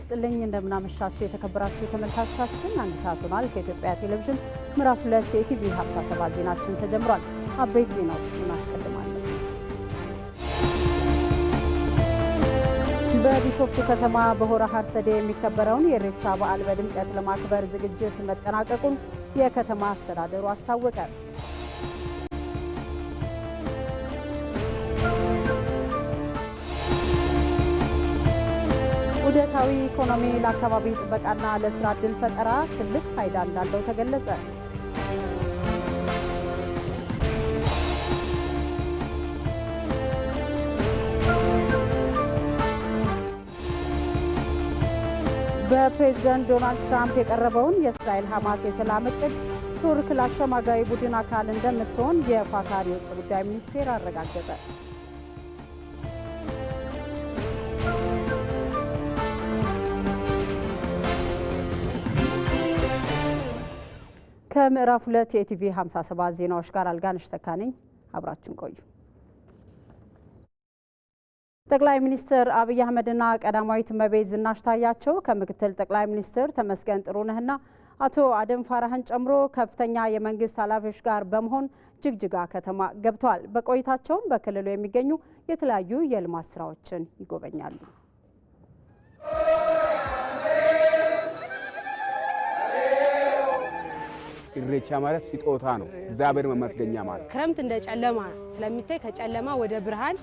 ይስጥልኝ እንደምናመሻችሁ የተከበራችሁ ተመልካቾቻችን፣ አንድ ሰዓት ሆኗል። ከኢትዮጵያ ቴሌቪዥን ምዕራፍ ሁለት የኢቲቪ 57 ዜናችን ተጀምሯል። አበይት ዜናዎችን እናስቀድማለን። በቢሾፍቱ ከተማ በሆራ ሀርሰዴ የሚከበረውን የኢሬቻ በዓል በድምቀት ለማክበር ዝግጅት መጠናቀቁን የከተማ አስተዳደሩ አስታወቀ። ለፍትሐዊ ኢኮኖሚ፣ ለአካባቢ ጥበቃና ለስራ እድል ፈጠራ ትልቅ ፋይዳ እንዳለው ተገለጸ። በፕሬዝደንት ዶናልድ ትራምፕ የቀረበውን የእስራኤል ሐማስ የሰላም እቅድ ቱርክ ለአሸማጋይ ቡድን አካል እንደምትሆን የኳታር የውጭ ጉዳይ ሚኒስቴር አረጋገጠ። ከምዕራፍ ሁለት የኢቲቪ 57 ዜናዎች ጋር አልጋነሽ ተካነኝ አብራችን ቆዩ። ጠቅላይ ሚኒስትር አብይ አህመድና ቀዳማዊት እመቤት ዝናሽ ታያቸው ከምክትል ጠቅላይ ሚኒስትር ተመስገን ጥሩነህና አቶ አደም ፋራህን ጨምሮ ከፍተኛ የመንግስት ኃላፊዎች ጋር በመሆን ጅግጅጋ ከተማ ገብተዋል። በቆይታቸውም በክልሉ የሚገኙ የተለያዩ የልማት ስራዎችን ይጎበኛሉ። እሬቻ ማለት ስጦታ ነው፣ እግዚአብሔር መመስገኛ ማለት። ክረምት እንደ ጨለማ ስለሚታይ ከጨለማ ወደ ብርሃን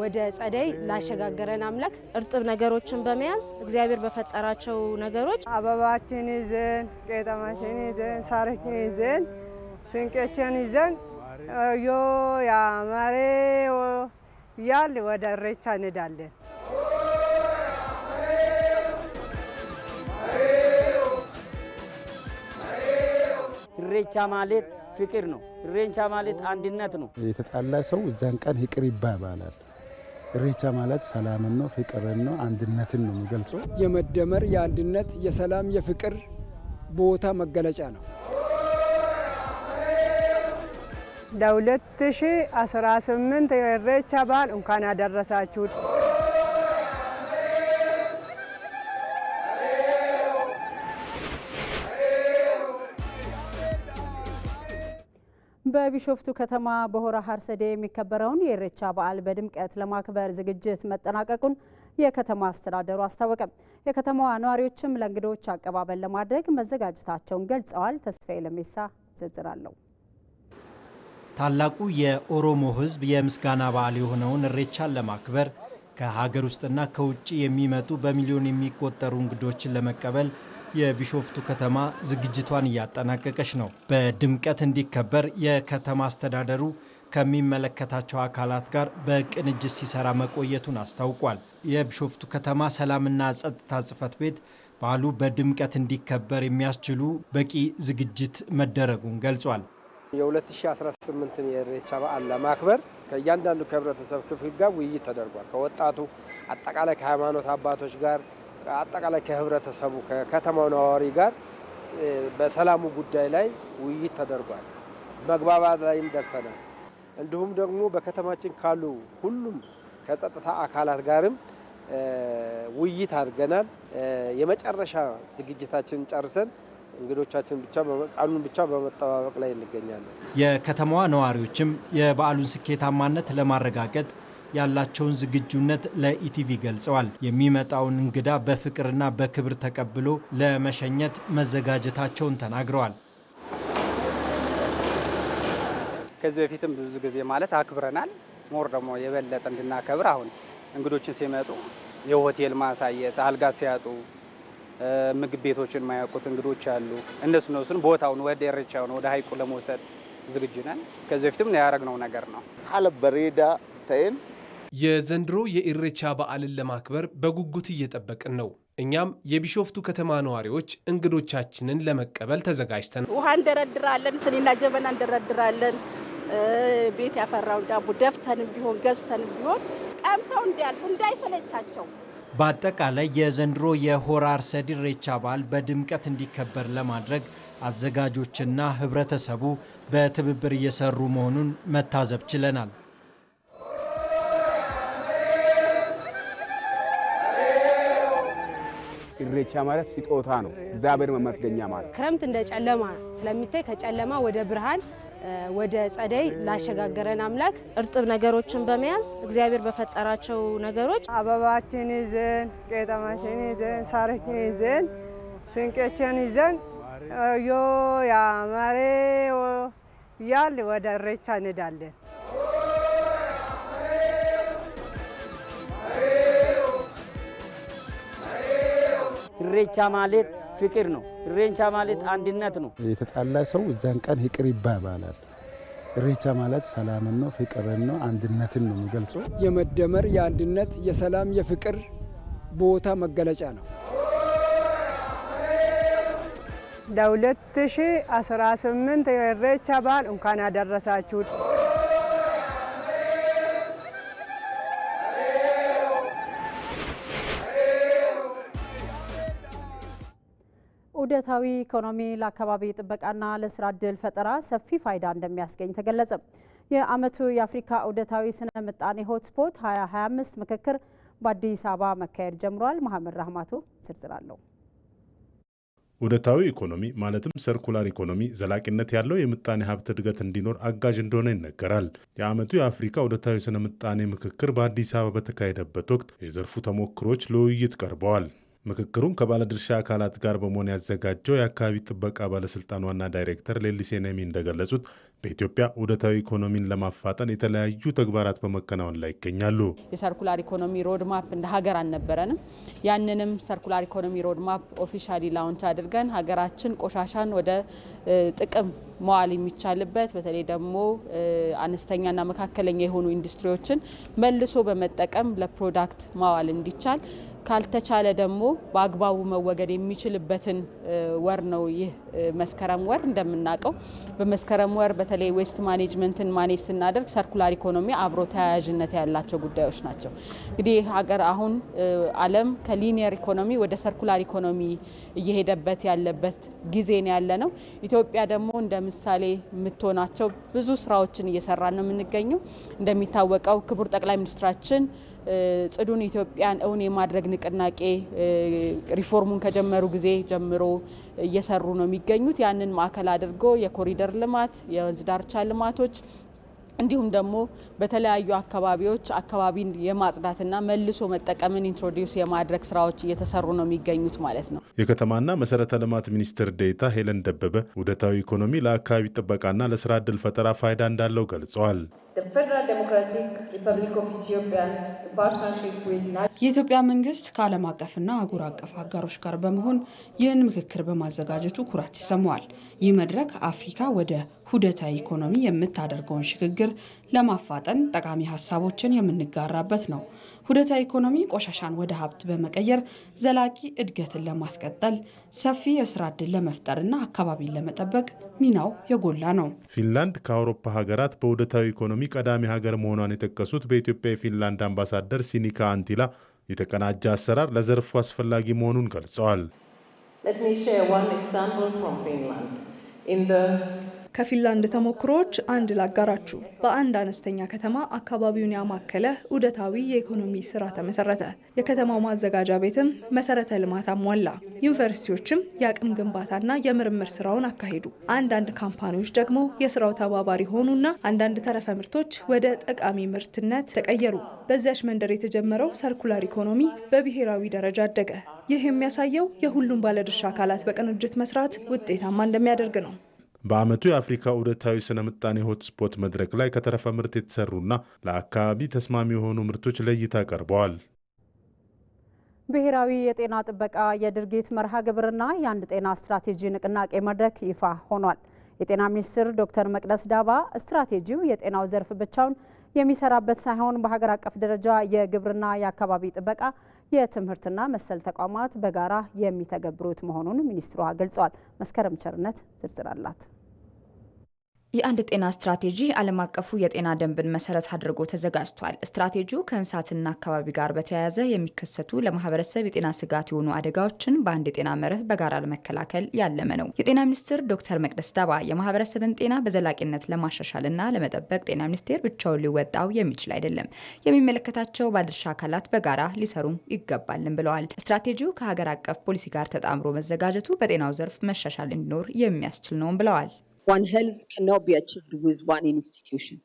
ወደ ጸደይ ላሸጋገረን አምላክ እርጥብ ነገሮችን በመያዝ እግዚአብሔር በፈጠራቸው ነገሮች አበባችን ይዘን ቄጠማችን ይዘን ሳራችን ይዘን ስንቄችን ይዘን ዮ ያማሬ ያል ወደ እሬቻ እንሄዳለን። እሬቻ ማለት ፍቅር ነው። እሬቻ ማለት አንድነት ነው። የተጣላ ሰው እዛን ቀን ይቅር ይባባላል። እሬቻ ማለት ሰላምን ነው፣ ፍቅርን ነው፣ አንድነትን ነው የሚገልጸው። የመደመር የአንድነት፣ የሰላም፣ የፍቅር ቦታ መገለጫ ነው። ለሁለት ሺህ አስራ ስምንት እሬቻ በዓል እንኳን አደረሳችሁ። በቢሾፍቱ ከተማ በሆራ ሀርሰዴ የሚከበረውን የኢሬቻ በዓል በድምቀት ለማክበር ዝግጅት መጠናቀቁን የከተማ አስተዳደሩ አስታወቀም። የከተማዋ ነዋሪዎችም ለእንግዶች አቀባበል ለማድረግ መዘጋጀታቸውን ገልጸዋል። ተስፋዬ ለሜሳ ዝርዝር አለው። ታላቁ የኦሮሞ ሕዝብ የምስጋና በዓል የሆነውን እሬቻን ለማክበር ከሀገር ውስጥና ከውጭ የሚመጡ በሚሊዮን የሚቆጠሩ እንግዶችን ለመቀበል የቢሾፍቱ ከተማ ዝግጅቷን እያጠናቀቀች ነው። በድምቀት እንዲከበር የከተማ አስተዳደሩ ከሚመለከታቸው አካላት ጋር በቅንጅት ሲሰራ መቆየቱን አስታውቋል። የቢሾፍቱ ከተማ ሰላምና ጸጥታ ጽሕፈት ቤት በዓሉ በድምቀት እንዲከበር የሚያስችሉ በቂ ዝግጅት መደረጉን ገልጿል። የ2018 የኢሬቻ በዓል ለማክበር ከእያንዳንዱ ከህብረተሰብ ክፍል ጋር ውይይት ተደርጓል። ከወጣቱ አጠቃላይ ከሃይማኖት አባቶች ጋር አጠቃላይ ከህብረተሰቡ ከከተማው ነዋሪ ጋር በሰላሙ ጉዳይ ላይ ውይይት ተደርጓል። መግባባት ላይም ደርሰናል። እንዲሁም ደግሞ በከተማችን ካሉ ሁሉም ከጸጥታ አካላት ጋርም ውይይት አድርገናል። የመጨረሻ ዝግጅታችንን ጨርሰን እንግዶቻችን ብቻ ቃሉን ብቻ በመጠባበቅ ላይ እንገኛለን። የከተማዋ ነዋሪዎችም የበዓሉን ስኬታማነት ለማረጋገጥ ያላቸውን ዝግጁነት ለኢቲቪ ገልጸዋል። የሚመጣውን እንግዳ በፍቅርና በክብር ተቀብሎ ለመሸኘት መዘጋጀታቸውን ተናግረዋል። ከዚህ በፊትም ብዙ ጊዜ ማለት አክብረናል። ሞር ደግሞ የበለጠ እንድናከብር አሁን እንግዶችን ሲመጡ የሆቴል ማሳየት አልጋ ሲያጡ ምግብ ቤቶችን የማያውቁት እንግዶች አሉ። እነሱ እነሱን ቦታውን ወደ ኢሬቻውን ወደ ሀይቁ ለመውሰድ ዝግጁ ነን። ከዚህ በፊትም ያደረግነው ነገር ነው። አለ በሬዳ ተይን የዘንድሮ የኢሬቻ በዓልን ለማክበር በጉጉት እየጠበቅን ነው። እኛም የቢሾፍቱ ከተማ ነዋሪዎች እንግዶቻችንን ለመቀበል ተዘጋጅተን ውሃ እንደረድራለን፣ ስኒና ጀበና እንደረድራለን። ቤት ያፈራው ዳቦ ደፍተንም ቢሆን ገዝተንም ቢሆን ቀምሰው እንዲያልፉ እንዳይሰለቻቸው። በአጠቃላይ የዘንድሮ የሆራ አርሰዲ ኢሬቻ በዓል በድምቀት እንዲከበር ለማድረግ አዘጋጆችና ህብረተሰቡ በትብብር እየሰሩ መሆኑን መታዘብ ችለናል። ኢሬቻ ማለት ስጦታ ነው፣ እግዚአብሔር መመስገኛ ማለት። ክረምት እንደ ጨለማ ስለሚታይ ከጨለማ ወደ ብርሃን ወደ ጸደይ ላሸጋገረን አምላክ እርጥብ ነገሮችን በመያዝ እግዚአብሔር በፈጠራቸው ነገሮች አበባችን ይዘን ቄጠማችን ይዘን ሳርችን ይዘን ስንቄችን ይዘን ዮ ያማሬ ያል ወደ እሬቻ እንሄዳለን። እሬቻ ማለት ፍቅር ነው። እሬቻ ማለት አንድነት ነው። የተጣላ ሰው እዛን ቀን ይቅር ይባባላል። እሬቻ ማለት ሰላምን ነው፣ ፍቅርን ነው፣ አንድነትን ነው የሚገልጸው። የመደመር የአንድነት፣ የሰላም፣ የፍቅር ቦታ መገለጫ ነው። ለሁለት ሺህ አስራ ስምንት እሬቻ በዓል እንኳን አደረሳችሁ። ለዕለታዊ ኢኮኖሚ፣ ለአካባቢ ጥበቃና ለስራ እድል ፈጠራ ሰፊ ፋይዳ እንደሚያስገኝ ተገለጸ። የአመቱ የአፍሪካ ዑደታዊ ስነ ምጣኔ ሆትስፖት 2025 ምክክር በአዲስ አበባ መካሄድ ጀምሯል። መሐመድ ራህማቱ ዝርዝር አለው። ዑደታዊ ኢኮኖሚ ማለትም ሰርኩላር ኢኮኖሚ ዘላቂነት ያለው የምጣኔ ሀብት እድገት እንዲኖር አጋዥ እንደሆነ ይነገራል። የአመቱ የአፍሪካ ዑደታዊ ስነ ምጣኔ ምክክር በአዲስ አበባ በተካሄደበት ወቅት የዘርፉ ተሞክሮች ለውይይት ቀርበዋል። ምክክሩን ከባለድርሻ አካላት ጋር በመሆን ያዘጋጀው የአካባቢ ጥበቃ ባለስልጣን ዋና ዳይሬክተር ሌሊሴ ነሚ እንደገለጹት በኢትዮጵያ ውደታዊ ኢኮኖሚን ለማፋጠን የተለያዩ ተግባራት በመከናወን ላይ ይገኛሉ። የሰርኩላር ኢኮኖሚ ሮድማፕ እንደ ሀገር አልነበረንም። ያንንም ሰርኩላር ኢኮኖሚ ሮድማፕ ኦፊሻሊ ላውንች አድርገን ሀገራችን ቆሻሻን ወደ ጥቅም መዋል የሚቻልበት በተለይ ደግሞ አነስተኛና መካከለኛ የሆኑ ኢንዱስትሪዎችን መልሶ በመጠቀም ለፕሮዳክት ማዋል እንዲቻል ካልተቻለ ደግሞ በአግባቡ መወገድ የሚችልበትን ወር ነው ይህ መስከረም ወር። እንደምናውቀው በመስከረም ወር በተለይ ዌስት ማኔጅመንትን ማኔጅ ስናደርግ ሰርኩላር ኢኮኖሚ አብሮ ተያያዥነት ያላቸው ጉዳዮች ናቸው። እንግዲህ ሀገር አሁን ዓለም ከሊኒየር ኢኮኖሚ ወደ ሰርኩላር ኢኮኖሚ እየሄደበት ያለበት ጊዜ ነው ያለ ነው። ኢትዮጵያ ደግሞ እንደ ምሳሌ የምትሆናቸው ብዙ ስራዎችን እየሰራ ነው የምንገኘው። እንደሚታወቀው ክቡር ጠቅላይ ሚኒስትራችን ጽዱን ኢትዮጵያን እውን የማድረግ ንቅናቄ ሪፎርሙን ከጀመሩ ጊዜ ጀምሮ እየሰሩ ነው የሚገኙት። ያንን ማዕከል አድርጎ የኮሪደር ልማት፣ የወንዝ ዳርቻ ልማቶች እንዲሁም ደግሞ በተለያዩ አካባቢዎች አካባቢን የማጽዳትና መልሶ መጠቀምን ኢንትሮዲውስ የማድረግ ስራዎች እየተሰሩ ነው የሚገኙት ማለት ነው። የከተማና መሰረተ ልማት ሚኒስትር ዴታ ሄለን ደበበ ውህደታዊ ኢኮኖሚ ለአካባቢ ጥበቃና ለስራ እድል ፈጠራ ፋይዳ እንዳለው ገልጸዋል። የኢትዮጵያ መንግስት ከዓለም አቀፍና አህጉር አቀፍ አጋሮች ጋር በመሆን ይህን ምክክር በማዘጋጀቱ ኩራት ይሰማዋል። ይህ መድረክ አፍሪካ ወደ ሁደታ ኢኮኖሚ የምታደርገውን ሽግግር ለማፋጠን ጠቃሚ ሀሳቦችን የምንጋራበት ነው። ሁደታ ኢኮኖሚ ቆሻሻን ወደ ሀብት በመቀየር ዘላቂ እድገትን ለማስቀጠል ሰፊ የስራ ዕድል ለመፍጠርና አካባቢን ለመጠበቅ ሚናው የጎላ ነው። ፊንላንድ ከአውሮፓ ሀገራት በውህደታዊ ኢኮኖሚ ቀዳሚ ሀገር መሆኗን የጠቀሱት በኢትዮጵያ የፊንላንድ አምባሳደር ሲኒካ አንቲላ የተቀናጀ አሰራር ለዘርፉ አስፈላጊ መሆኑን ገልጸዋል። ከፊንላንድ ተሞክሮዎች አንድ ላጋራችሁ። በአንድ አነስተኛ ከተማ አካባቢውን ያማከለ ዑደታዊ የኢኮኖሚ ስራ ተመሰረተ። የከተማው ማዘጋጃ ቤትም መሰረተ ልማት አሟላ። ዩኒቨርሲቲዎችም የአቅም ግንባታና የምርምር ስራውን አካሄዱ። አንዳንድ ካምፓኒዎች ደግሞ የስራው ተባባሪ ሆኑና አንዳንድ ተረፈ ምርቶች ወደ ጠቃሚ ምርትነት ተቀየሩ። በዚያች መንደር የተጀመረው ሰርኩላር ኢኮኖሚ በብሔራዊ ደረጃ አደገ። ይህ የሚያሳየው የሁሉም ባለድርሻ አካላት በቅንጅት መስራት ውጤታማ እንደሚያደርግ ነው። በዓመቱ የአፍሪካ ዑደታዊ ስነ ምጣኔ ሆትስፖት መድረክ ላይ ከተረፈ ምርት የተሰሩና ለአካባቢ ተስማሚ የሆኑ ምርቶች ለእይታ ቀርበዋል። ብሔራዊ የጤና ጥበቃ የድርጊት መርሃ ግብርና የአንድ ጤና ስትራቴጂ ንቅናቄ መድረክ ይፋ ሆኗል። የጤና ሚኒስትር ዶክተር መቅደስ ዳባ ስትራቴጂው የጤናው ዘርፍ ብቻውን የሚሰራበት ሳይሆን በሀገር አቀፍ ደረጃ የግብርና፣ የአካባቢ ጥበቃ፣ የትምህርትና መሰል ተቋማት በጋራ የሚተገብሩት መሆኑን ሚኒስትሯ ገልጸዋል። መስከረም ቸርነት ዝርዝር አላት። የአንድ ጤና ስትራቴጂ ዓለም አቀፉ የጤና ደንብን መሰረት አድርጎ ተዘጋጅቷል። ስትራቴጂው ከእንስሳትና አካባቢ ጋር በተያያዘ የሚከሰቱ ለማህበረሰብ የጤና ስጋት የሆኑ አደጋዎችን በአንድ የጤና መርህ በጋራ ለመከላከል ያለመ ነው። የጤና ሚኒስትር ዶክተር መቅደስ ዳባ የማህበረሰብን ጤና በዘላቂነት ለማሻሻልና ለመጠበቅ ጤና ሚኒስቴር ብቻውን ሊወጣው የሚችል አይደለም፣ የሚመለከታቸው ባለድርሻ አካላት በጋራ ሊሰሩም ይገባልን ብለዋል። ስትራቴጂው ከሀገር አቀፍ ፖሊሲ ጋር ተጣምሮ መዘጋጀቱ በጤናው ዘርፍ መሻሻል እንዲኖር የሚያስችል ነውም ብለዋል። One health cannot be achieved with one institution.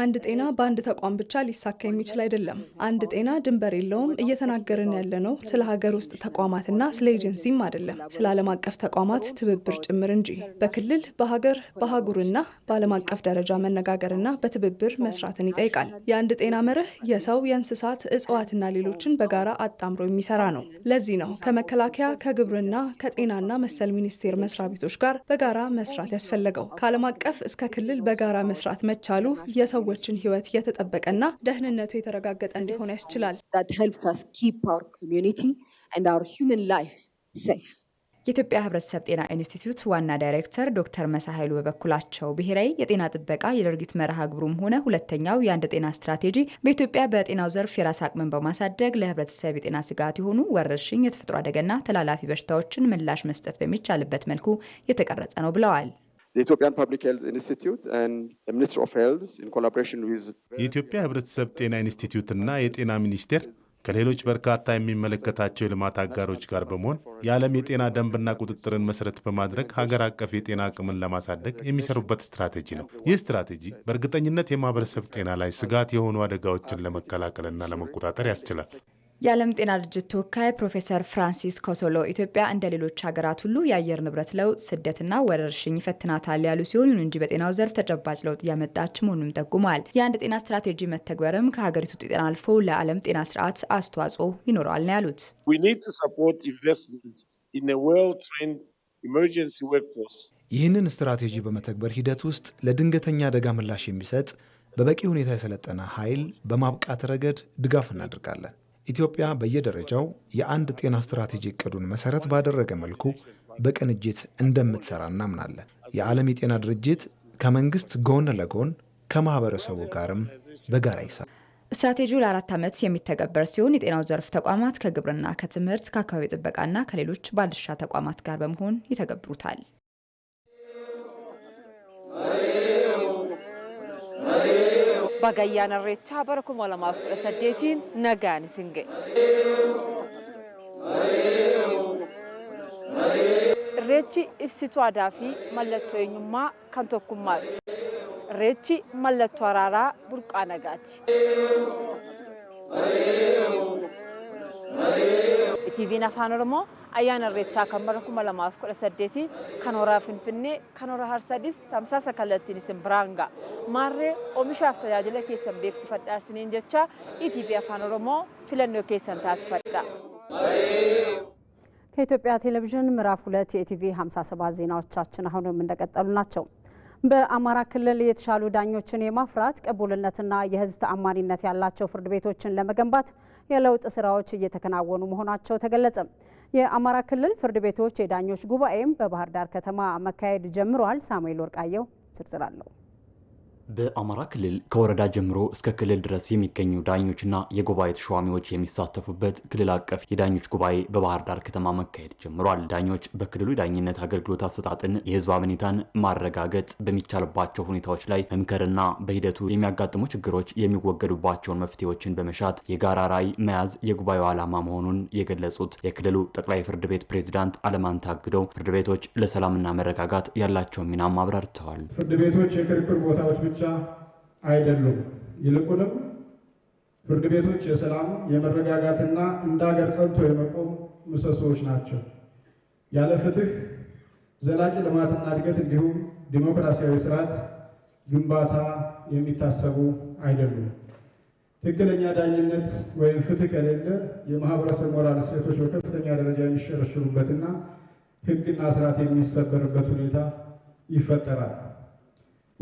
አንድ ጤና በአንድ ተቋም ብቻ ሊሳካ የሚችል አይደለም። አንድ ጤና ድንበር የለውም። እየተናገርን ያለነው ስለ ሀገር ውስጥ ተቋማትና ስለ ኤጀንሲም አይደለም፣ ስለ ዓለም አቀፍ ተቋማት ትብብር ጭምር እንጂ። በክልል በሀገር በአህጉርና በዓለም አቀፍ ደረጃ መነጋገርና በትብብር መስራትን ይጠይቃል። የአንድ ጤና መርህ የሰው የእንስሳት፣ እጽዋትና ሌሎችን በጋራ አጣምሮ የሚሰራ ነው። ለዚህ ነው ከመከላከያ ከግብርና ከጤናና መሰል ሚኒስቴር መስሪያ ቤቶች ጋር በጋራ መስራት ያስፈለገው። ከዓለም አቀፍ እስከ ክልል በጋራ መስራት መቻሉ የሰው የሰዎችን ህይወት የተጠበቀና ደህንነቱ የተረጋገጠ እንዲሆን ያስችላል። የኢትዮጵያ ህብረተሰብ ጤና ኢንስቲትዩት ዋና ዳይሬክተር ዶክተር ኃይሉ በበኩላቸው ብሔራዊ የጤና ጥበቃ የድርጊት መርሃ ግብሩም ሆነ ሁለተኛው የአንድ ጤና ስትራቴጂ በኢትዮጵያ በጤናው ዘርፍ የራስ አቅምን በማሳደግ ለህብረተሰብ የጤና ስጋት የሆኑ ወረርሽኝ፣ የተፈጥሮ አደጋና ተላላፊ በሽታዎችን ምላሽ መስጠት በሚቻልበት መልኩ የተቀረጸ ነው ብለዋል። የኢትዮጵያ ህብረተሰብ ጤና ኢንስቲትዩትና የጤና ሚኒስቴር ከሌሎች በርካታ የሚመለከታቸው የልማት አጋሮች ጋር በመሆን የዓለም የጤና ደንብና ቁጥጥርን መሰረት በማድረግ ሀገር አቀፍ የጤና አቅምን ለማሳደግ የሚሰሩበት ስትራቴጂ ነው። ይህ ስትራቴጂ በእርግጠኝነት የማህበረሰብ ጤና ላይ ስጋት የሆኑ አደጋዎችን ለመከላከልና ለመቆጣጠር ያስችላል። የዓለም ጤና ድርጅት ተወካይ ፕሮፌሰር ፍራንሲስ ኮሶሎ ኢትዮጵያ እንደ ሌሎች ሀገራት ሁሉ የአየር ንብረት ለውጥ፣ ስደትና ወረርሽኝ ይፈትናታል ያሉ ሲሆን ይሁን እንጂ በጤናው ዘርፍ ተጨባጭ ለውጥ እያመጣች መሆኑንም ጠቁመዋል። የአንድ ጤና ስትራቴጂ መተግበርም ከሀገሪቱ ጤና አልፎ ለዓለም ጤና ስርዓት አስተዋጽኦ ይኖረዋል ነው ያሉት። ይህንን ስትራቴጂ በመተግበር ሂደት ውስጥ ለድንገተኛ አደጋ ምላሽ የሚሰጥ በበቂ ሁኔታ የሰለጠነ ኃይል በማብቃት ረገድ ድጋፍ እናደርጋለን። ኢትዮጵያ በየደረጃው የአንድ ጤና ስትራቴጂ እቅዱን መሰረት ባደረገ መልኩ በቅንጅት እንደምትሰራ እናምናለን። የዓለም የጤና ድርጅት ከመንግስት ጎን ለጎን ከማህበረሰቡ ጋርም በጋራ ይሰራል። ስትራቴጂው ለአራት ዓመት የሚተገበር ሲሆን የጤናው ዘርፍ ተቋማት ከግብርና፣ ከትምህርት፣ ከአካባቢ ጥበቃና ከሌሎች ባለድርሻ ተቋማት ጋር በመሆን ይተገብሩታል። Bagayyaan Irreechaa bara 2018 nagaan isin ga'e. Irreechi ibsituu aadaa fi mallattoo eenyummaa kan tokkummaati. Irreechi mallattoo araaraa burqaa nagaati. ETV'n Afaan Oromoo ayyaana irreechaa kan bara kuma lamaaf kudha saddeeti kan horaa Finfinnee kan hora Harsadis tamsaasa kallattiin isin biraan ga'a. Maarree oomishaaf tajaajila keessan beeksifadhaa isiniin jecha ETV Afaan Oromoo filannoo keessan taasifadha. ከኢትዮጵያ ቴሌቪዥን ምዕራፍ ሁለት የኢቲቪ 57 ዜናዎቻችን አሁንም እንደቀጠሉ ናቸው። በአማራ ክልል የተሻሉ ዳኞችን የማፍራት ቅቡልነትና የሕዝብ ተአማኒነት ያላቸው ፍርድ ቤቶችን ለመገንባት የለውጥ ስራዎች እየተከናወኑ መሆናቸው ተገለጸ። የአማራ ክልል ፍርድ ቤቶች የዳኞች ጉባኤም በባህር ዳር ከተማ መካሄድ ጀምሯል። ሳሙኤል ወርቃየው ዝርዝር አለው። በአማራ ክልል ከወረዳ ጀምሮ እስከ ክልል ድረስ የሚገኙ ዳኞችና የጉባኤ ተሿሚዎች የሚሳተፉበት ክልል አቀፍ የዳኞች ጉባኤ በባህር ዳር ከተማ መካሄድ ጀምሯል። ዳኞች በክልሉ የዳኝነት አገልግሎት አሰጣጥን፣ የህዝብ አመኔታን ማረጋገጥ በሚቻልባቸው ሁኔታዎች ላይ መምከርና በሂደቱ የሚያጋጥሙ ችግሮች የሚወገዱባቸውን መፍትሄዎችን በመሻት የጋራ ራዕይ መያዝ የጉባኤው ዓላማ መሆኑን የገለጹት የክልሉ ጠቅላይ ፍርድ ቤት ፕሬዝዳንት አለማንታ አግደው ፍርድ ቤቶች ለሰላምና መረጋጋት ያላቸውን ሚናም አብራርተዋል። ፍርድ ቤቶች የክርክር ቦታዎች ብቻ አይደሉም። ይልቁንም ፍርድ ቤቶች የሰላም የመረጋጋትና እንደ ሀገር ጸንቶ የመቆም ምሰሶዎች ናቸው። ያለ ፍትህ ዘላቂ ልማትና እድገት እንዲሁም ዲሞክራሲያዊ ስርዓት ግንባታ የሚታሰቡ አይደሉም። ትክክለኛ ዳኝነት ወይም ፍትህ ከሌለ የማህበረሰብ ሞራል እሴቶች በከፍተኛ ደረጃ የሚሸረሽሩበትና ሕግና ስርዓት የሚሰበርበት ሁኔታ ይፈጠራል።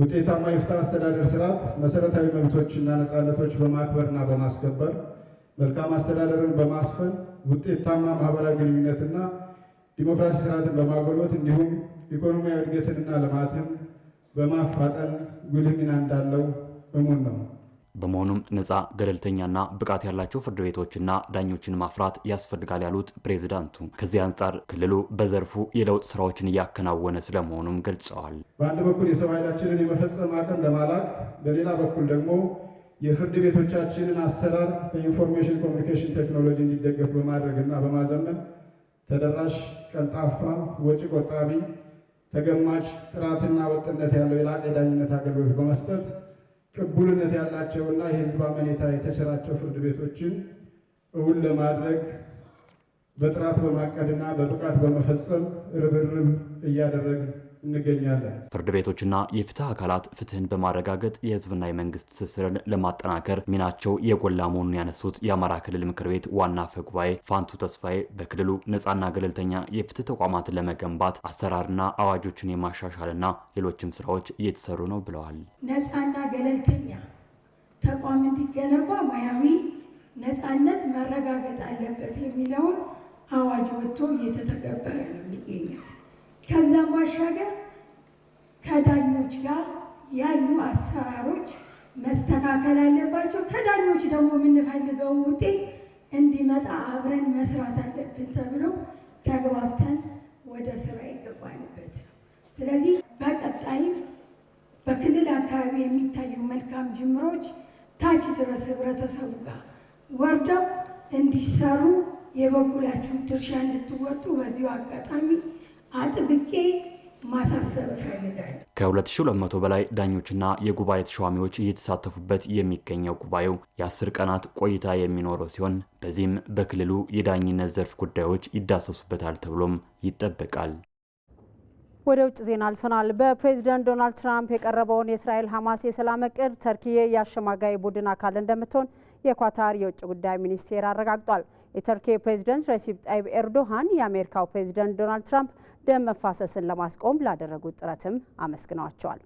ውጤታማ የፍትህ አስተዳደር ስርዓት መሰረታዊ መብቶችና ነፃነቶች በማክበርና በማስከበር መልካም አስተዳደርን በማስፈን ውጤታማ ማህበራዊ ግንኙነትና ዲሞክራሲ ስርዓትን በማጎልበት እንዲሁም ኢኮኖሚያዊ እድገትንና ልማትን በማፋጠን ጉልህ ሚና እንዳለው እሙን ነው። በመሆኑም ነፃ ገለልተኛና ብቃት ያላቸው ፍርድ ቤቶችና ዳኞችን ማፍራት ያስፈልጋል ያሉት ፕሬዚዳንቱ ከዚህ አንጻር ክልሉ በዘርፉ የለውጥ ስራዎችን እያከናወነ ስለመሆኑም ገልጸዋል። በአንድ በኩል የሰው ኃይላችንን የመፈጸም አቅም ለማላቅ፣ በሌላ በኩል ደግሞ የፍርድ ቤቶቻችንን አሰራር በኢንፎርሜሽን ኮሚኒኬሽን ቴክኖሎጂ እንዲደገፍ በማድረግና በማዘመን ተደራሽ፣ ቀልጣፋ፣ ወጪ ቆጣቢ፣ ተገማች፣ ጥራትና ወጥነት ያለው የላቀ የዳኝነት አገልግሎት በመስጠት ቅቡልነት ያላቸውና የህዝባ አመኔታ የተቸራቸው ፍርድ ቤቶችን እውን ለማድረግ በጥራት በማቀድና በብቃት በመፈጸም ርብርብ እያደረግን እንገኛለን። ፍርድ ቤቶችና የፍትህ አካላት ፍትህን በማረጋገጥ የህዝብና የመንግስት ትስስርን ለማጠናከር ሚናቸው የጎላ መሆኑን ያነሱት የአማራ ክልል ምክር ቤት ዋና አፈ ጉባኤ ፋንቱ ተስፋዬ በክልሉ ነጻና ገለልተኛ የፍትህ ተቋማትን ለመገንባት አሰራርና አዋጆችን የማሻሻልና ሌሎችም ስራዎች እየተሰሩ ነው ብለዋል። ነጻና ገለልተኛ ተቋም እንዲገነባ ሙያዊ ነጻነት መረጋገጥ አለበት የሚለውን አዋጅ ወጥቶ እየተተገበረ ነው የሚገኘው። ከዛም ባሻገር ከዳኞች ጋር ያሉ አሰራሮች መስተካከል አለባቸው። ከዳኞች ደግሞ የምንፈልገው ውጤት እንዲመጣ አብረን መስራት አለብን ተብሎ ተግባብተን ወደ ስራ የገባንበት ነው። ስለዚህ በቀጣይም በክልል አካባቢ የሚታዩ መልካም ጅምሮች ታች ድረስ ህብረተሰቡ ጋር ወርደው እንዲሰሩ የበኩላችሁን ድርሻ እንድትወጡ በዚሁ አጋጣሚ አጥብቄ ማሳሰብ እፈልጋለሁ። ከ2200 በላይ ዳኞችና የጉባኤ ተሿሚዎች እየተሳተፉበት የሚገኘው ጉባኤው የአስር ቀናት ቆይታ የሚኖረው ሲሆን በዚህም በክልሉ የዳኝነት ዘርፍ ጉዳዮች ይዳሰሱበታል ተብሎም ይጠበቃል። ወደ ውጭ ዜና አልፈናል። በፕሬዚደንት ዶናልድ ትራምፕ የቀረበውን የእስራኤል ሐማስ የሰላም እቅድ ተርኪዬ የአሸማጋይ ቡድን አካል እንደምትሆን የኳታር የውጭ ጉዳይ ሚኒስቴር አረጋግጧል። የተርኪ ፕሬዚደንት ረሲፕ ጣይብ ኤርዶሃን የአሜሪካው ፕሬዚደንት ዶናልድ ትራምፕ ደም መፋሰስን ለማስቆም ላደረጉት ጥረትም አመስግነዋቸዋል።